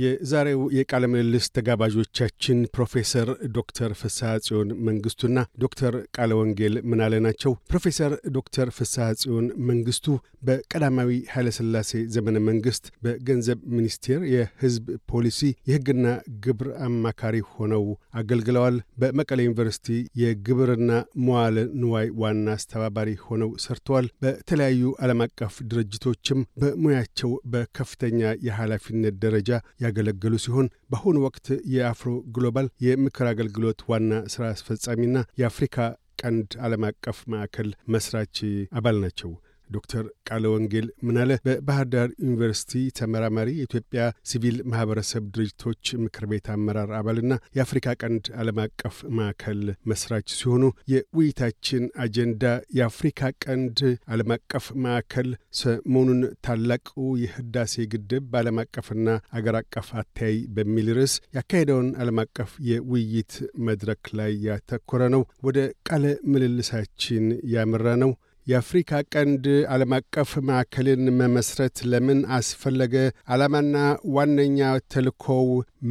የዛሬው የቃለ ምልልስ ተጋባዦቻችን ፕሮፌሰር ዶክተር ፍስሐ ጽዮን መንግስቱና ዶክተር ቃለ ወንጌል ምናለ ናቸው። ፕሮፌሰር ዶክተር ፍስሐ ጽዮን መንግስቱ በቀዳማዊ ኃይለሥላሴ ዘመነ መንግስት በገንዘብ ሚኒስቴር የህዝብ ፖሊሲ የህግና ግብር አማካሪ ሆነው አገልግለዋል። በመቀሌ ዩኒቨርሲቲ የግብርና መዋለ ንዋይ ዋና አስተባባሪ ሆነው ሰርተዋል። በተለያዩ ዓለም አቀፍ ድርጅቶችም በሙያቸው በከፍተኛ የኃላፊነት ደረጃ ያገለገሉ ሲሆን በአሁኑ ወቅት የአፍሮ ግሎባል የምክር አገልግሎት ዋና ሥራ አስፈጻሚና የአፍሪካ ቀንድ ዓለም አቀፍ ማዕከል መስራች አባል ናቸው። ዶክተር ቃለ ወንጌል ምናለ በባህር ዳር ዩኒቨርሲቲ ተመራማሪ፣ የኢትዮጵያ ሲቪል ማህበረሰብ ድርጅቶች ምክር ቤት አመራር አባልና የአፍሪካ ቀንድ ዓለም አቀፍ ማዕከል መስራች ሲሆኑ የውይይታችን አጀንዳ የአፍሪካ ቀንድ ዓለም አቀፍ ማዕከል ሰሞኑን ታላቁ የህዳሴ ግድብ በዓለም አቀፍና አገር አቀፍ አተያይ በሚል ርዕስ ያካሄደውን ዓለም አቀፍ የውይይት መድረክ ላይ ያተኮረ ነው። ወደ ቃለ ምልልሳችን ያመራ ነው። የአፍሪካ ቀንድ ዓለም አቀፍ ማዕከልን መመስረት ለምን አስፈለገ? ዓላማና ዋነኛ ተልእኮው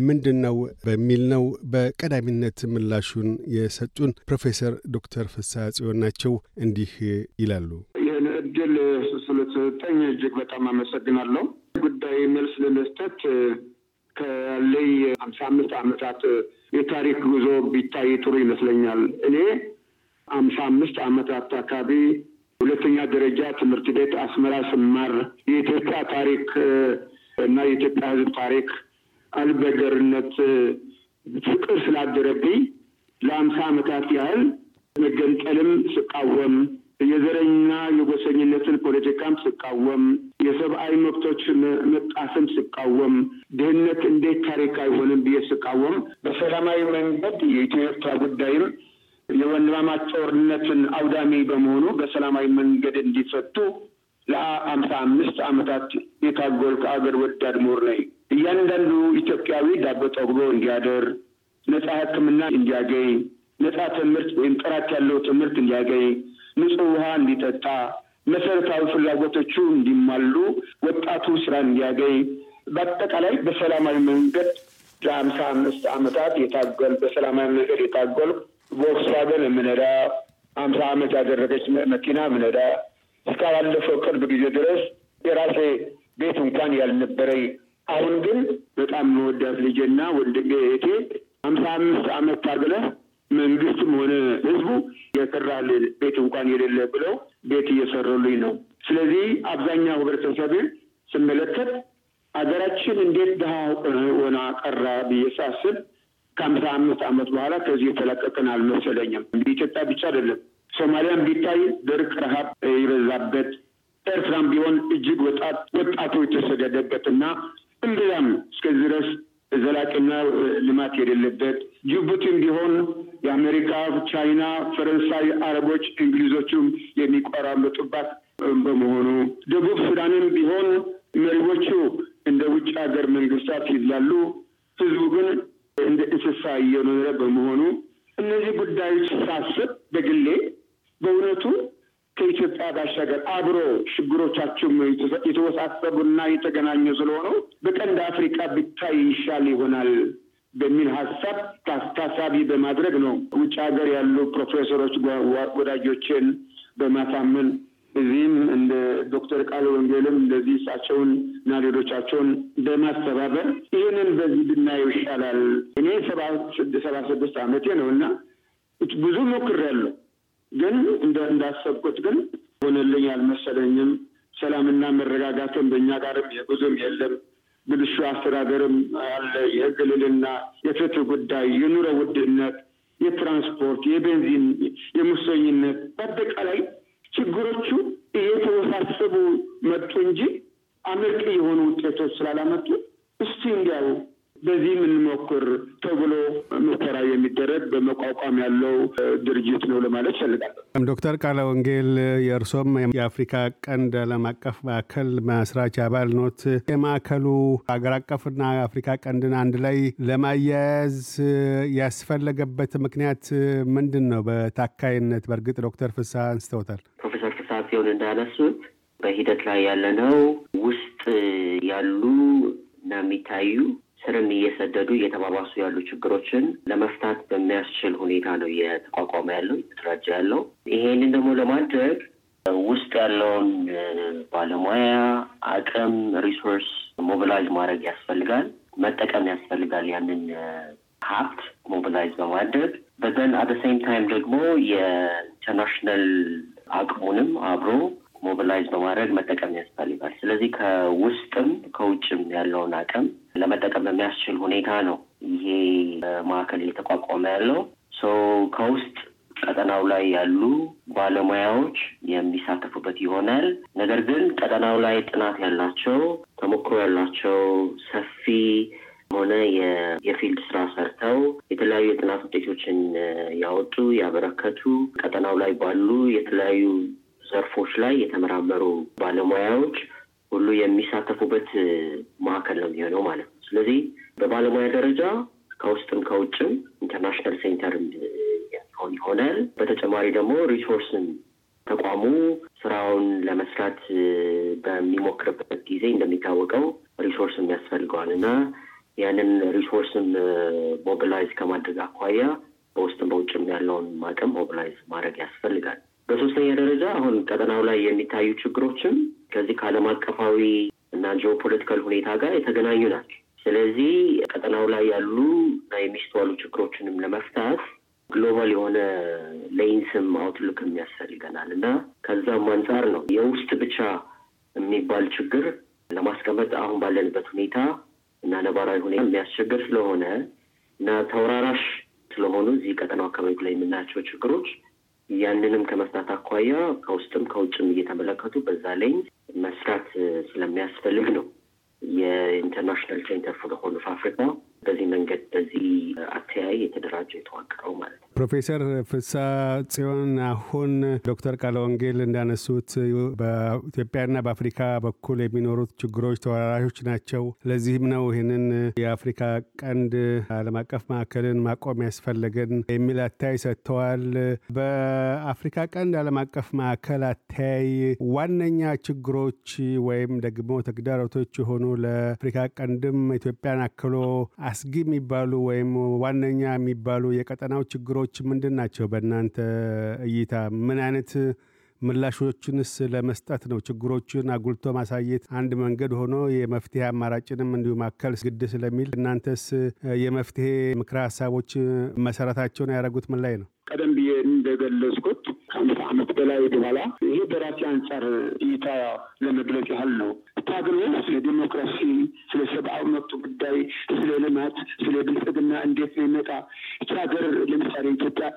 ምንድን ነው? በሚል ነው በቀዳሚነት ምላሹን የሰጡን ፕሮፌሰር ዶክተር ፍሳ ጽዮን ናቸው። እንዲህ ይላሉ። ይህን እድል ስለተሰጠኝ እጅግ በጣም አመሰግናለሁ። ጉዳይ መልስ ለመስጠት ከለይ ሀምሳ አምስት ዓመታት የታሪክ ጉዞ ቢታይ ጥሩ ይመስለኛል። እኔ ሀምሳ አምስት ዓመታት አካባቢ ሁለተኛ ደረጃ ትምህርት ቤት አስመራ ስማር የኢትዮጵያ ታሪክ እና የኢትዮጵያ ሕዝብ ታሪክ አልበገርነት ፍቅር ስላደረብኝ ለአምሳ ዓመታት ያህል መገንጠልም ስቃወም የዘረኝና የጎሰኝነትን ፖለቲካም ስቃወም የሰብአዊ መብቶች መጣስም ስቃወም ድህነት እንዴት ታሪክ አይሆንም ብዬ ስቃወም በሰላማዊ መንገድ የኢትዮ ኤርትራ ጉዳይም የወንድማማች ጦርነትን አውዳሚ በመሆኑ በሰላማዊ መንገድ እንዲፈቱ ለአምሳ አምስት ዓመታት የታገልኩ አገር ወዳድ ምሁር ነኝ። እያንዳንዱ ኢትዮጵያዊ ዳቦ ጠግቦ እንዲያደር፣ ነፃ ሕክምና እንዲያገኝ፣ ነፃ ትምህርት ወይም ጥራት ያለው ትምህርት እንዲያገኝ፣ ንጹህ ውሃ እንዲጠጣ፣ መሰረታዊ ፍላጎቶቹ እንዲሟሉ፣ ወጣቱ ስራ እንዲያገኝ፣ በአጠቃላይ በሰላማዊ መንገድ ለአምሳ አምስት ዓመታት የታገል በሰላማዊ መንገድ የታገልኩ ቮክስዋገን የምነዳ አምሳ ዓመት ያደረገች መኪና ምነዳ እስካላለፈው ቅርብ ጊዜ ድረስ የራሴ ቤት እንኳን ያልነበረኝ አሁን ግን በጣም መወዳት ልጄና ወንድሜ እህቴ ሀምሳ አምስት ዓመት ታግለህ መንግስትም ሆነ ህዝቡ የቅራል ቤት እንኳን የሌለ ብለው ቤት እየሰሩልኝ ነው። ስለዚህ አብዛኛው ህብረተሰብ ስመለከት ሀገራችን እንዴት ድሃ ሆና ቀራ ብዬ ሳስብ ከአምሳ አምስት ዓመት በኋላ ከዚህ የተለቀቅን አልመሰለኝም። በኢትዮጵያ ብቻ አይደለም። ሶማሊያን ቢታይ ድርቅ፣ ረሃብ የበዛበት ኤርትራም ቢሆን እጅግ ወጣት ወጣቱ የተሰደደበት እና እንደዛም እስከዚህ ድረስ ዘላቂና ልማት የሌለበት ጅቡቲም ቢሆን የአሜሪካ፣ ቻይና፣ ፈረንሳይ፣ አረቦች፣ እንግሊዞቹም የሚቆራመጡባት በመሆኑ ደቡብ ሱዳንም ቢሆን መሪዎቹ እንደ ውጭ ሀገር መንግስታት ይላሉ። ህዝቡ ግን እንደ እንስሳ እየኖረ በመሆኑ እነዚህ ጉዳዮች ሳስብ በግሌ በእውነቱ ከኢትዮጵያ ባሻገር አብሮ ችግሮቻችሁም የተወሳሰቡና የተገናኙ ስለሆኑ በቀንድ አፍሪካ ብቻ ይሻል ይሆናል በሚል ሀሳብ ታሳቢ በማድረግ ነው ውጭ ሀገር ያሉ ፕሮፌሰሮች ወዳጆችን በማሳመን እዚህም እንደ ዶክተር ቃለ ወንጌልም እንደዚህ እሳቸውን እና ሌሎቻቸውን በማስተባበር ይህንን በዚህ ብናየው ይሻላል። እኔ ሰባ ስድስት ዓመቴ ነው እና ብዙ ሞክሬያለሁ፣ ግን እንዳሰብኩት ግን ሆነልኝ አልመሰለኝም። ሰላምና መረጋጋትም በእኛ ጋርም የብዙም የለም። ብልሹ አስተዳደርም አለ። የሕግ የፍትህ ጉዳይ፣ የኑሮ ውድነት፣ የትራንስፖርት፣ የቤንዚን፣ የሙሰኝነት በአጠቃላይ ችግሮቹ እየተወሳሰቡ መጡ እንጂ አመርቂ የሆኑ ውጤቶች ስላላመጡ እስቲ እንዲያው በዚህ የምንሞክር ተብሎ ሙከራ የሚደረግ በመቋቋም ያለው ድርጅት ነው ለማለት ይፈልጋለሁ። ዶክተር ቃለ ወንጌል የእርሶም የአፍሪካ ቀንድ ዓለም አቀፍ ማዕከል መስራች አባል ኖት። የማዕከሉ ሀገር አቀፍና አፍሪካ ቀንድን አንድ ላይ ለማያያዝ ያስፈለገበት ምክንያት ምንድን ነው? በታካይነት በእርግጥ ዶክተር ፍስሐ አንስተውታል። ጸሐፊውን እንዳነሱት በሂደት ላይ ያለነው ውስጥ ያሉ እና የሚታዩ ስርም እየሰደዱ እየተባባሱ ያሉ ችግሮችን ለመፍታት በሚያስችል ሁኔታ ነው እየተቋቋመ ያለው እየተደራጀ ያለው። ይሄንን ደግሞ ለማድረግ ውስጥ ያለውን ባለሙያ አቅም፣ ሪሶርስ ሞቢላይዝ ማድረግ ያስፈልጋል፣ መጠቀም ያስፈልጋል። ያንን ሀብት ሞቢላይዝ በማድረግ በዘን አደ ሴም ታይም ደግሞ የኢንተርናሽናል አቅሙንም አብሮ ሞቢላይዝ በማድረግ መጠቀም ያስፈልጋል። ስለዚህ ከውስጥም ከውጭም ያለውን አቅም ለመጠቀም የሚያስችል ሁኔታ ነው ይሄ ማዕከል እየተቋቋመ ያለው። ከውስጥ ቀጠናው ላይ ያሉ ባለሙያዎች የሚሳተፉበት ይሆናል። ነገር ግን ቀጠናው ላይ ጥናት ያላቸው ተሞክሮ ያላቸው ሰፊ ሆነ የፊልድ ስራ ሰርተው የተለያዩ የጥናት ውጤቶችን ያወጡ ያበረከቱ ቀጠናው ላይ ባሉ የተለያዩ ዘርፎች ላይ የተመራመሩ ባለሙያዎች ሁሉ የሚሳተፉበት ማዕከል ነው የሚሆነው ማለት ነው። ስለዚህ በባለሙያ ደረጃ ከውስጥም ከውጭም ኢንተርናሽናል ሴንተር ይሆናል። በተጨማሪ ደግሞ ሪሶርስን ተቋሙ ስራውን ለመስራት በሚሞክርበት ጊዜ እንደሚታወቀው ሪሶርስም ያስፈልገዋል እና ያንን ሪሶርስን ሞቢላይዝ ከማድረግ አኳያ በውስጥም በውጭም ያለውን ማቅም ሞቢላይዝ ማድረግ ያስፈልጋል። በሶስተኛ ደረጃ አሁን ቀጠናው ላይ የሚታዩ ችግሮችም ከዚህ ከዓለም አቀፋዊ እና ጂኦፖለቲካል ሁኔታ ጋር የተገናኙ ናቸው። ስለዚህ ቀጠናው ላይ ያሉ እና የሚስተዋሉ ችግሮችንም ለመፍታት ግሎባል የሆነ ሌንስም አውትሉክም ያስፈልገናል እና ከዛም አንጻር ነው የውስጥ ብቻ የሚባል ችግር ለማስቀመጥ አሁን ባለንበት ሁኔታ እና ነባራዊ ሁኔታ የሚያስቸግር ስለሆነ እና ተወራራሽ ስለሆኑ እዚህ ቀጠናው አካባቢ ላይ የምናያቸው ችግሮች ያንንም ከመፍታት አኳያ ከውስጥም ከውጭም እየተመለከቱ በዛ ላይ መስራት ስለሚያስፈልግ ነው የኢንተርናሽናል ሴንተር ፎር ሆርን ኦፍ አፍሪካ በዚህ መንገድ በዚህ አተያይ የተደራጀ የተዋቀረው ማለት ነው። ፕሮፌሰር ፍሳ ጽዮን፣ አሁን ዶክተር ቃለ ወንጌል እንዳነሱት በኢትዮጵያና በአፍሪካ በኩል የሚኖሩት ችግሮች ተወራራሾች ናቸው። ለዚህም ነው ይህንን የአፍሪካ ቀንድ አለም አቀፍ ማዕከልን ማቆም ያስፈለገን የሚል አታይ ሰጥተዋል። በአፍሪካ ቀንድ አለም አቀፍ ማዕከል አታይ ዋነኛ ችግሮች ወይም ደግሞ ተግዳሮቶች የሆኑ ለአፍሪካ ቀንድም ኢትዮጵያን አክሎ አስጊ የሚባሉ ወይም ዋነኛ የሚባሉ የቀጠናው ችግሮች ሀሳቦች ምንድን ናቸው? በእናንተ እይታ ምን አይነት ምላሾችንስ ለመስጠት ነው? ችግሮችን አጉልቶ ማሳየት አንድ መንገድ ሆኖ የመፍትሄ አማራጭንም እንዲሁ ማከል ግድ ስለሚል እናንተስ የመፍትሄ ምክረ ሀሳቦች መሰረታቸውን ያደረጉት ምን ላይ ነው? ቀደም ብዬ እንደገለጽኩት ከአምስት ዓመት በላይ በኋላ ይሄ በራሴ አንጻር እይታ ለመግለጽ ያህል ነው። በመታገል ወይም ስለ ዲሞክራሲ፣ ስለ ሰብአዊ መብቱ ጉዳይ፣ ስለ ልማት፣ ስለ ብልጽግና እንዴት ነው ይመጣ እቺ ሀገር ለምሳሌ ኢትዮጵያ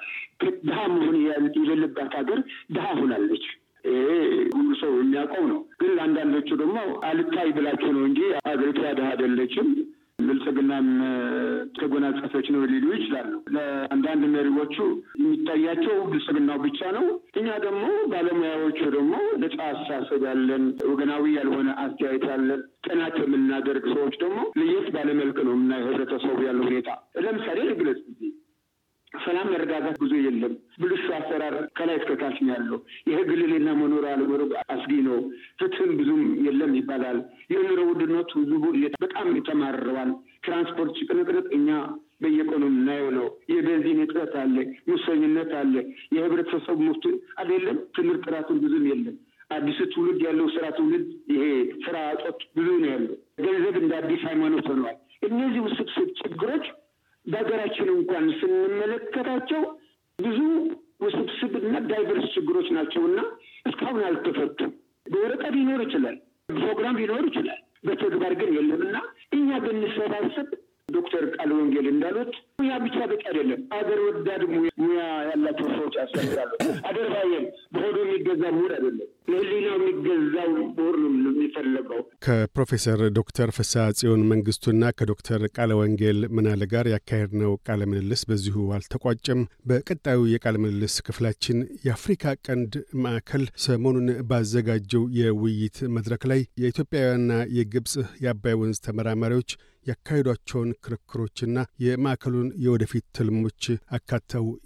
ድሃ መሆን የሌለባት ሀገር ድሃ ሆናለች። ይሄ ሁሉ ሰው የሚያውቀው ነው። ግን ለአንዳንዶቹ ደግሞ አልታይ ብላችሁ ነው እንጂ ሀገሪቷ ድሀ አይደለችም ብልጽግናም ተጎናጸፈች ነው ሊሉ ይችላሉ። ለአንዳንድ መሪዎቹ የሚታያቸው ብልጽግናው ብቻ ነው። እኛ ደግሞ ባለሙያዎቹ ደግሞ ነጻ አስተሳሰብ ያለን ወገናዊ ያልሆነ አስተያየት ያለን ጥናት የምናደርግ ሰዎች ደግሞ ለየት ባለመልክ ነው የምናየው ህብረተሰቡ ያለው ሁኔታ። ለምሳሌ ልግለጽ ጊዜ ሰላም መረጋጋት ብዙ የለም። ብልሹ አሰራር ከላይ እስከታች ነው ያለው። የህግ ልዕልና መኖር አለመኖር አስጊ ነው። ፍትህም ብዙም የለም ይባላል። የኑሮ ውድነቱ ህዝቡ በጣም ተማርረዋል። ትራንስፖርት ጭቅንቅንቅ እኛ በየቀኑ የምናየው ነው። የቤንዚን እጥረት አለ፣ ሙሰኝነት አለ። የህብረተሰቡ ሙፍት አይደለም። ትምህርት ጥራቱን ብዙም የለም። አዲሱ ትውልድ ያለው ስራ ትውልድ ይሄ ስራ እጦት ብዙ ነው ያለው። ገንዘብ እንደ አዲስ ሃይማኖት ሆነዋል። እነዚህ ውስብስብ ችግሮች በሀገራችን እንኳን ስንመለከታቸው ብዙ ውስብስብ እና ዳይቨርስ ችግሮች ናቸው እና እስካሁን አልተፈቱም። በወረቀት ሊኖር ይችላል፣ ፕሮግራም ሊኖር ይችላል፣ በተግባር ግን የለም እና እኛ ብንሰባሰብ ዶክተር ቃል ወንጌል እንዳሉት ያ ብቻ በቂ አይደለም። አገር ወዳድሙ ሙያ ያላቸው ሰዎች ያስተምራሉ። አደርባየም በሆዶ የሚገዛ ምሁር አይደለም፣ ከፕሮፌሰር ዶክተር ፍሳ ጽዮን መንግስቱና ከዶክተር ቃለ ወንጌል ምናለ ጋር ያካሄድነው ቃለ ምልልስ በዚሁ አልተቋጨም። በቀጣዩ የቃለ ምልልስ ክፍላችን የአፍሪካ ቀንድ ማዕከል ሰሞኑን ባዘጋጀው የውይይት መድረክ ላይ የኢትዮጵያውያንና የግብፅ የአባይ ወንዝ ተመራማሪዎች ያካሄዷቸውን ክርክሮችና የማዕከሉን የወደፊት ትልሞች አካተው